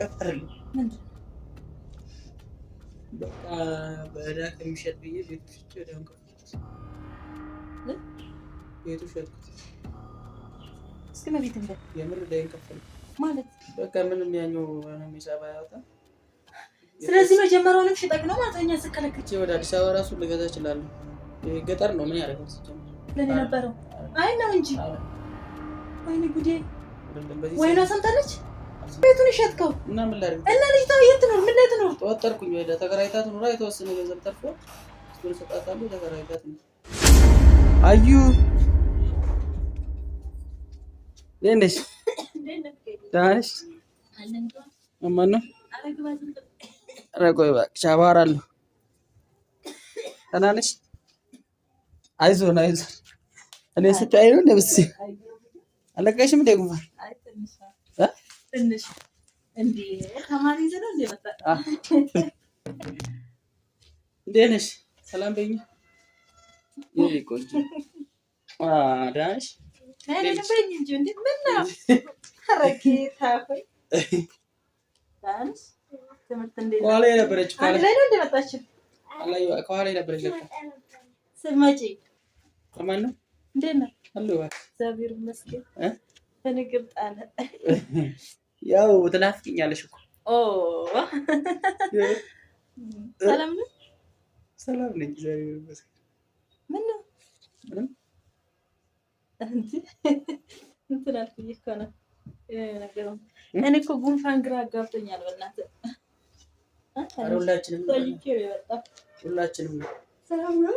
ንቀት አይደለም። በቃ በዕዳ ከሚሸጥ ብዬ ቤቱ ሽጬ ወዲያውኑ ቤቱ ሸጥኩት። እስኪ መቤት እንደ የምር ዕዳዬን ከፈልኩ ማለት በቃ ምንም ያኛው ሂሳብ አያወጣም። ስለዚህ መጀመሪያውንም ሽጠቅ ነው ማለት እኛ ስከለክል ወደ አዲስ አበባ ራሱ ልገዛ እችላለሁ። ገጠር ነው ምን ያደርጋል ሲጀምር ለእኔ ነበረው። አይ ነው እንጂ ወይኔ ጉዴ! ወይኗ ሰምታለች ቤቱን ይሸጥከው እና ምን ላድርግ እና ልጅቷ የት ነው? ምን ላይ ትኖር? ተወጠርኩኝ ወደ ተከራይታ ትኑራ የተወሰነ ገንዘብ ተርፎ እሱን ሰጣታሉ። ተከራይታ ትኑር። አዩ እንዴት ነሽ? ደህና ነሽ? እማን ነው? ኧረ ቆይ እባክሽ አባራለሁ። ደህና ነሽ? አይዞን አይዞን። እኔ ስታይ ነው እንደምትስይው አለቀሽም። እንደ ጉንፋን ትንሽ እንዴ ተማሪ ዘና እንዴ መጣ። እንዴት ነሽ? ሰላም በይኝ። ይሄ ቆንጆ አዳሽ ከኋላ የነበረች ከኋላ የነበረች ስትመጪ ከማን ነው? እንዴት ነህ? እግዚአብሔር ይመስገን። ያው ትናፍቅኛለሽ እኮ። ሰላም ነው? ሰላም ነኝ። ምን ነው እንትን አልኩኝ እኮ ነው ነገረው። እኔ እኮ ጉንፋን ግራ አጋብቶኛል። በእናትህ ሁላችንም ሁላችንም ነው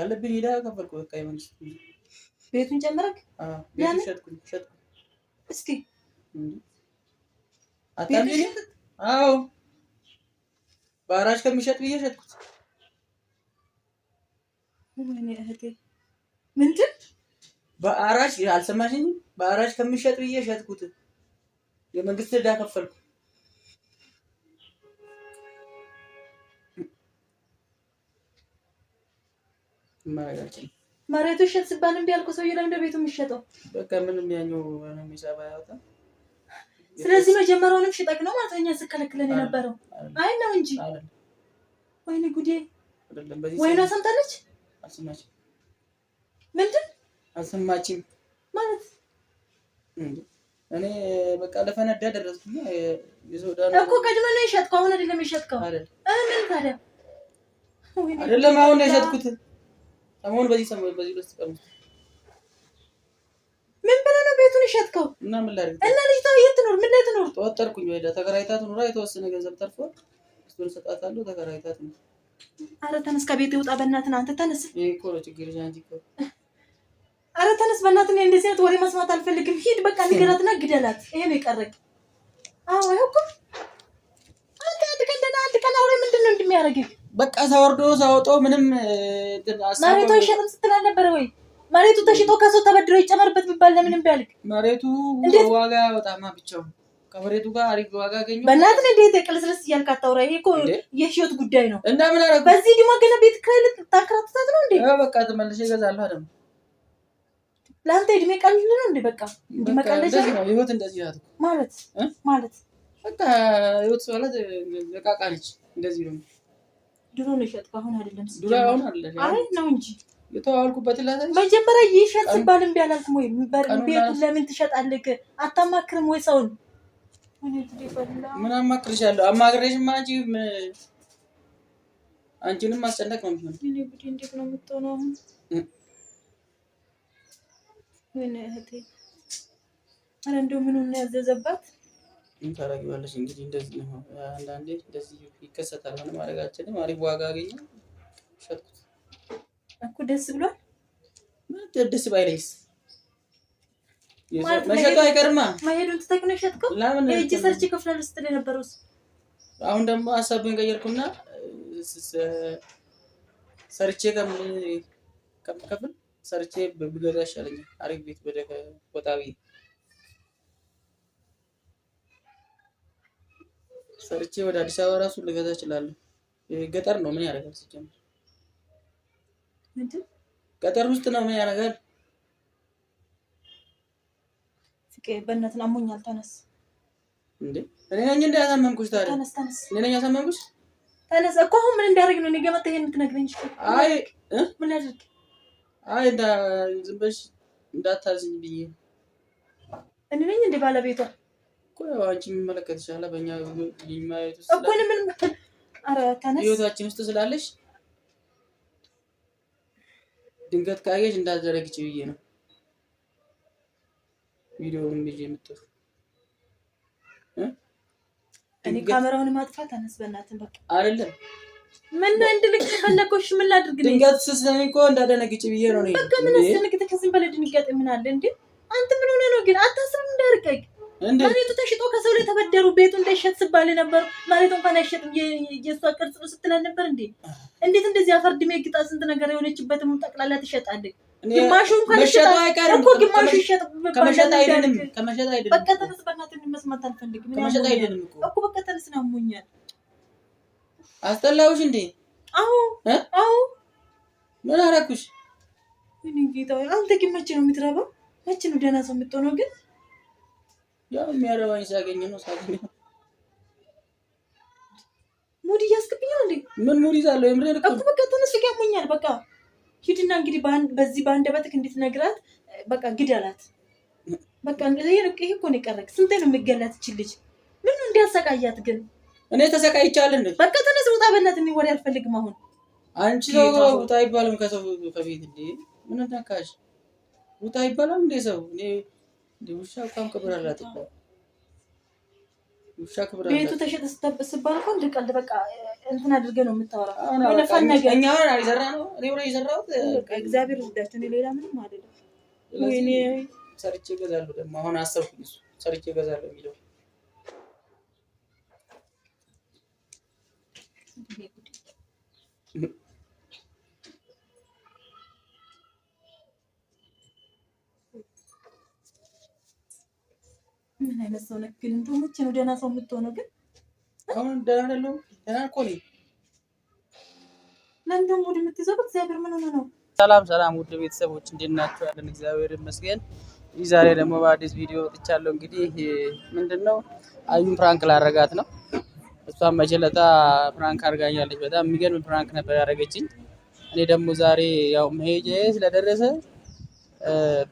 ያለብኝ ሄዳ ከፈልኩ በቃ የመንግስት ቤቱን ጨምረክ እስኪ አዎ በአራሽ ከሚሸጥ ብዬ ሸጥኩት። ምንድን በአራሽ አልሰማሽኝ? በአራሽ ከሚሸጥ ብዬ ሸጥኩት። የመንግስት ዳ ከፈልኩ ማረጋችን መሬቱ ይሸጥ ሲባል እምቢ ያልኩ ሰውዬ ለምደ ቤቱ የሚሸጠው በቃ ምንም ያኛው የሚሰባ ያወጣ። ስለዚህ መጀመሪያውንም ሽጠቅ ነው ማለት እኛ ስከለክለን የነበረው አይ ነው እንጂ። ወይኔ ጉዴ! ወይኗ ሰምታለች። አልሰማችም። ምንድን አልሰማችም ማለት እኔ በቃ ለፈነዳ ደረስኩኝ እኮ። ቀድመ ነው የሸጥከው፣ አሁን አይደለም የሸጥከው። ምን ታዲያ አይደለም አሁን ነው የሸጥኩት አሁን በዚህ ሰሞን በዚህ ሁለት ቀን ምን ብለህ ነው ቤቱን ይሸጥከው? እና ምን ላድርግ እና ልጅቷ የት ትኖር? ምን ላይ ትኖር? ተወጠርኩኝ። ወይዳ ተከራይታ ትኖራ የተወሰነ ገንዘብ ተርፎ እሱን እሰጣታለሁ። ተከራይታ ትኖር። አረ ተነስ፣ ከቤት ይውጣ በእናትህ አንተ ተነስ። ይሄ እኮ ነው ችግር። አንቺ እኮ አረ ተነስ በእናትህ። እኔ እንደዚህ አይነት ወሬ መስማት አልፈልግም። ሂድ በቃ፣ ንገራት ንገራትና ግደላት። ይሄ ነው የቀረኝ። አዎ ይኸው እኮ አንተ አንድ ቀን ደህና አንድ ቀን አውሬ ምንድን ነው እንደሚያደርግህ በቃ ሳወርዶ ሳወጦ ምንም መሬቱ ይሸጥም ስትል አልነበረ ወይ? መሬቱ ተሽጦ ከሰው ተበድሮ ይጨመርበት ቢባል ለምን እምቢ መሬቱ ዋጋ በጣም ብቻው ከመሬቱ ጋር አሪፍ ዋጋ ገኘሁ። በእናትህ እንዴት ቅልስልስ እያልክ አታውራ። ይሄ እኮ የህይወት ጉዳይ ነው እና ምን አደረገ? በዚህ ደግሞ ገና ቤት ክልል ታከራትታት ነው እንዴ? በቃ ተመልሼ ይገዛለሁ አደም ለአንተ እድሜ ቀልድ ነው እንዴ? በቃ መቀለጃ ነው ህይወት። እንደዚህ ናት ማለት ማለት በቃ ህይወት ማለት በቃ ነች እንደዚህ ነው ድሮ ነው ይሸጥ አሁን አይደለም። አይ ነው እንጂ የተዋዋልኩበት መጀመሪያ ይሸጥ ሲባል እምቢ አላልኩም ወይ? ቤቱን ለምን ትሸጣለህ? አታማክርም ወይ ሰውን? ምን አማክርሻለሁ? አማክሬሽማ አንቺ አንቺንም ማስጨነቅ ነው የሚሆነው። እንዴት ነው የምትሆነው አሁን? ምን እህቴ፣ አረ እንደው ምኑን ነው ያዘዘባት ታደርጊዋለሽ። እንግዲህ እንደዚህ ነው። አንዳንዴ እንደዚህ ይከሰታል። ምን ማድረጋችንም አሪፍ ዋጋ አገኘ ሸጥኩት እኮ ደስ ብሏል። ምን ደስ ባይለኝስ መሸጡ አይቀርማ። መሄዱን ትተህ ነው ለምን የእጅ ሰርች ይከፍላል ስትል የነበረውስ? አሁን ደግሞ ሀሳብን ቀየርኩና ሰርቼ ከምከፍል ሰርቼ ብገዛ ይሻለኛል። አሪፍ ቤት ወደ ቦታ ሰርቼ ወደ አዲስ አበባ ራሱ ልገዛ እችላለሁ። ገጠር ነው ምን ያደርጋል? ሲጀምር ገጠር ውስጥ ነው ምን ያደርጋል? በእነትን አሞኛል፣ ተነስ። እንዴ እኔ ነኝ እንደ ያሳመምኩሽ። ታዲያ ተነስ፣ ተነስ። እኔ ነኝ ያሳመምኩሽ። ተነስ እኮ አሁን ምን እንዳደረግ ነው? እኔ ገመታ ይሄን የምትነግረኝ? አይ ምን ያደርግ? አይ ዝም በሽ እንዳታዝኝ ብዬ እኔ ነኝ እንደ ባለቤቷ እኮ ያው አንቺ የሚመለከት ይችላል። በእኛ ማየት ውስጥ እኮ ምን ህይወታችን ውስጥ ስላለሽ ድንገት ካየሽ እንዳዘረግች ብዬ ነው ቪዲዮውን ልጅ የምትወር እኔ ካሜራውን ማጥፋት አነስ በእናትህ በቃ አይደለም። ምን እንድልክ ፈለኮሽ? ምን ላድርግ? ድንገት ስትሰሚ እኮ እንዳደነግጭ ብዬ ነው። በቃ ምን አስደነግጠህ? ከዚህም በላይ ድንጋጤ ምን አለ እንዴ? አንተ ምን ሆነ ነው ግን? አታስብም እንዳርቀቅ መሬቱ ተሽጦ ከሰው ላይ ተበደሩ። ቤቱ እንዳይሸጥ ስባል ነበር። መሬቱ እንኳን አይሸጥም የእሷ ቅርጽ ነው ስትለን ነበር። እንዴ እንዴት እንደዚህ አፈር ድሜ ግጣ ስንት ነገር የሆነችበትም ጠቅላላ ትሸጣለች። ግማሹ እንኳን እኮ ግማሹ ይሸጥ ከመሸጥ አይደለም። በቃ ተነስ፣ በእናትህ መስማት አልፈልግም። ከመሸጥ አይደለም እኮ በቃ ተነስ ነው ያሞኛል። አስጠላሁሽ እንዴ? አዎ አዎ። ምን አደረኩሽ? ጌታ አንተ ግን መቼ ነው የምትረባው? መቼ ነው ደህና ሰው የምትሆነው ግን ያው የሚያረባኝ ሲያገኝ ነው። ሳገኝ ሙድ እያስገብኛል እንዴ? ምን ሙድ ይዛለሁ? የምር እኮ በቃ ተነስ፣ ያሞኛል። በቃ ሂድና እንግዲህ በዚህ በአንደበትህ እንድትነግራት በቃ ግደላት። በቃ ይሄ እኮ ነው የቀረክ። ስንቴ ነው የሚገላት ይች ልጅ? ምን እንዲያሰቃያት ግን እኔ ተሰቃይቻል እንዴ? በቃ ተነስ፣ ውጣ። በእናትህ እኔ አልፈልግም አሁን። አንቺ ሰው ውጣ አይባልም ከሰው ከቤት እንዴ? ምን ነካሽ? ውጣ ይባላል እንዴ ሰው እኔ ውሻ እንኳን ክብር አላት እኮ ውሻ ክብር አላት። ቤቱ ተሸጠ ስትባል እኮ እንደ ቀልድ በቃ እንትን አድርገህ ነው የምታወራው። እኛ የዘራ ነው እኔ የዘራሁት እግዚአብሔር ይርዳቸው። ሌላ ምንም አይደለም። ወይኔ ሰርቼ እገዛለሁ። ደግሞ አሁን አሰብኩኝ እሱ ሰርቼ እገዛለሁ የሚለው ምን አይነት ሰው ነህ ግን? እንደው መቼ ነው ደህና ሰው የምትሆነው ግን? አሁን ደህና አይደለሁም። ደህና እኮ ነኝ። ለምን ደግሞ ወደ የምትይዘው እግዚአብሔር ምን ሆነ ነው? ሰላም ሰላም፣ ውድ ቤተሰቦች እንዴት ናቸው? ያለን እግዚአብሔር ይመስገን። ይህ ዛሬ ደግሞ በአዲስ ቪዲዮ ወጥቻለሁ። እንግዲህ ምንድን ነው አዩን ፕራንክ ላረጋት ነው። እሷን መቼለታ ፕራንክ አድርጋኛለች። በጣም የሚገርም ፕራንክ ነበር ያደረገችኝ። እኔ ደግሞ ዛሬ ያው መሄጃዬ ስለደረሰ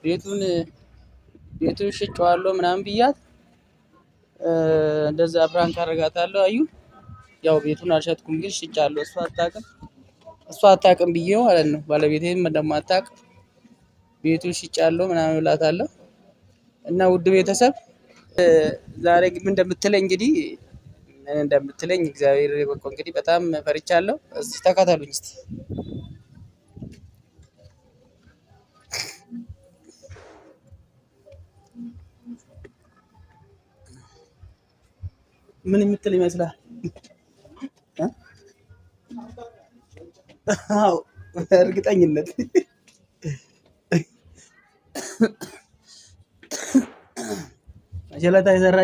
ቤቱን ቤቱን ሽጬዋለሁ ምናምን ብያት እንደዛ ፕራንክ አደርጋታለሁ። አዩ ያው ቤቱን አልሸጥኩም፣ ግን ሽጫለሁ። እሷ አታውቅም እሷ አታውቅም ብዬ ማለት ነው። ባለቤቴም እንደማታውቅ ቤቱን ሽጫለሁ ምናምን ብላታለሁ። እና ውድ ቤተሰብ ዛሬ ምን እንደምትለኝ እንግዲህ ምን እንደምትለኝ እግዚአብሔር ይበቆ እንግዲህ በጣም ፈርቻለሁ። እዚህ ተከተሉኝ እስኪ menimbulkan masalah, hah? terkita ingat, masyaAllah tadi dasar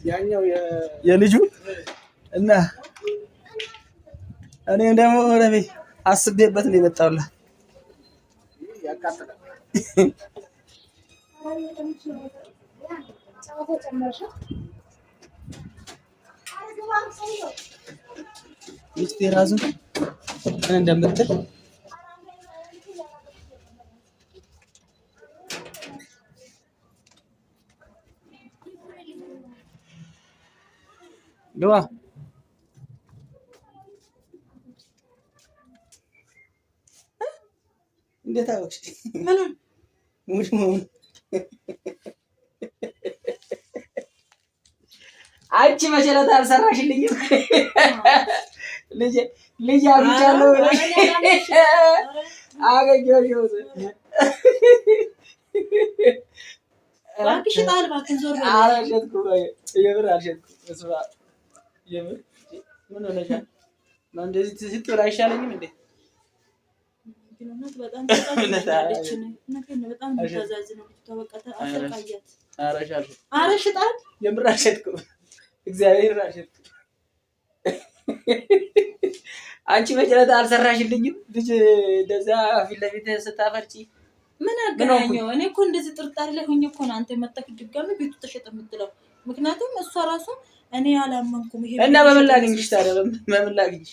yang nyow ya, yang lucu, enak, aneh udah betul bintanglah. ያቃጥላል። ሚስቴ ራሱ ምን እንደምትል ግባ Deta ko siya. Ganun. Ngunit mo. አንቺ መቼ ዕለት አልሰራሽልኝም? ልጅ ልጅ አግኝቻለሁ ብለሽ አገኘሁሽ። እባክሽ ጣል፣ እባክህን ዞር በል። አልሸጥኩም፣ የምር አልሸጥኩም። ምን ሆነሻል? እንደዚህ ስትውል አይሻለኝም እንዴ? አንቺ በጭረት አልሰራሽልኝም። ልጅ እንደዛ ፊት ለፊት ስታፈርጪ ምን አገናኘው? እኔ እኮ እንደዚህ ጥርጣሬ ላይ ሆኜ እኮ ነው አንተ መጣክ ድጋሚ ቤቱ ተሸጠ የምትለው። ምክንያቱም እሷ ራሱ እኔ አላመንኩም። ይሄ እና በምን ላግኝሽ ታዲያ? በምን ላግኝሽ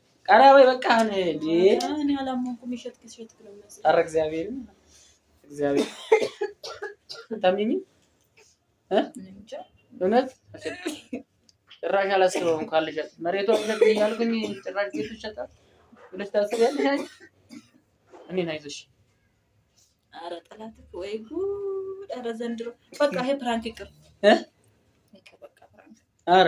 ኧረ በይ በቃ ኧረ እግዚአብሔርን እግዚአብሔር ታምኚኝ እውነት ጭራሽ አላስበውም። እንኳን ልሸጥ መሬቷ ልሸጥ እያልኩኝ ጭራሽ ቤቱ ይሸጣል ብለሽ ታስቢያለሽ? እኔን አይዞሽ። ኧረ ጠላት ወይ ጉድ! ኧረ ዘንድሮ በቃ ይሄ ፕራንክ ይቅር። ኧረ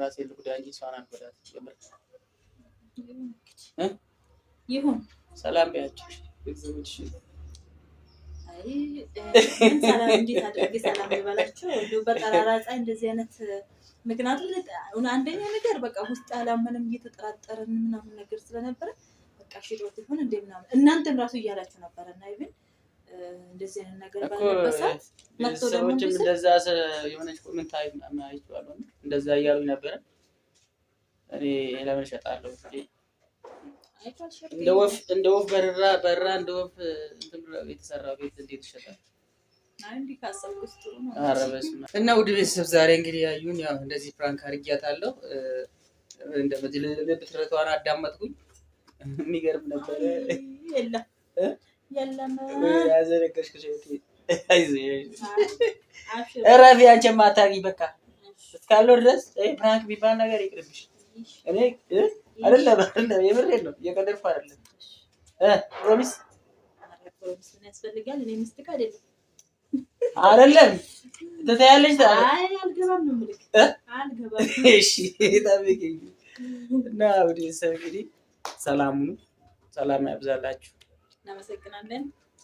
ራሴ ልጉዳ እንጂ እሷን አልጎዳት። ይሁን ሰላም ቢያቸው ቤተሰቦች ሰላም እንደዚህ አይነት ምክንያቱም አንደኛ ነገር በቃ ውስጥ ያላመንም እየተጠራጠረን ምናምን ነገር ስለነበረ በቃ ይሁን እናንተም ራሱ እያላችሁ ነበረ እና ይብን እንደዚህ አይነት ነገር ባለበሳት መጥቶ ደግሞ እንደዛ የሆነች ቁምንታ ይችላሉ እንደዛ እያሉ ነበረ። እኔ ለምን እሸጣለሁ? እንደ ወፍ በራ በራ እንደ ወፍ የተሰራ ቤት እንዴት ይሸጣል? እና ውድ ቤተሰብ ዛሬ እንግዲህ ያዩን ያው እንደዚህ ፕራንክ አድርጊያታለሁ። እንደዚህ ልብ ትረቷን አዳመጥኩኝ። የሚገርም ነበረ። የለም ያዘረገሽ እረፊ። አንቺማ በቃ እስካለው ድረስ ፕራንክ ቢባል ነገር ይቅርብሽ። እኔ አይደለም አይደለም፣ የምሬን ነው፣ እየቀለድኩ አይደለም። ፕሮሚስ ያስፈልጋል። እኔ ሚስት አይደለም አይደለም እና ቤተሰብ እንግዲህ ሰላም ሰላም ያብዛላችሁ። እናመሰግናለን።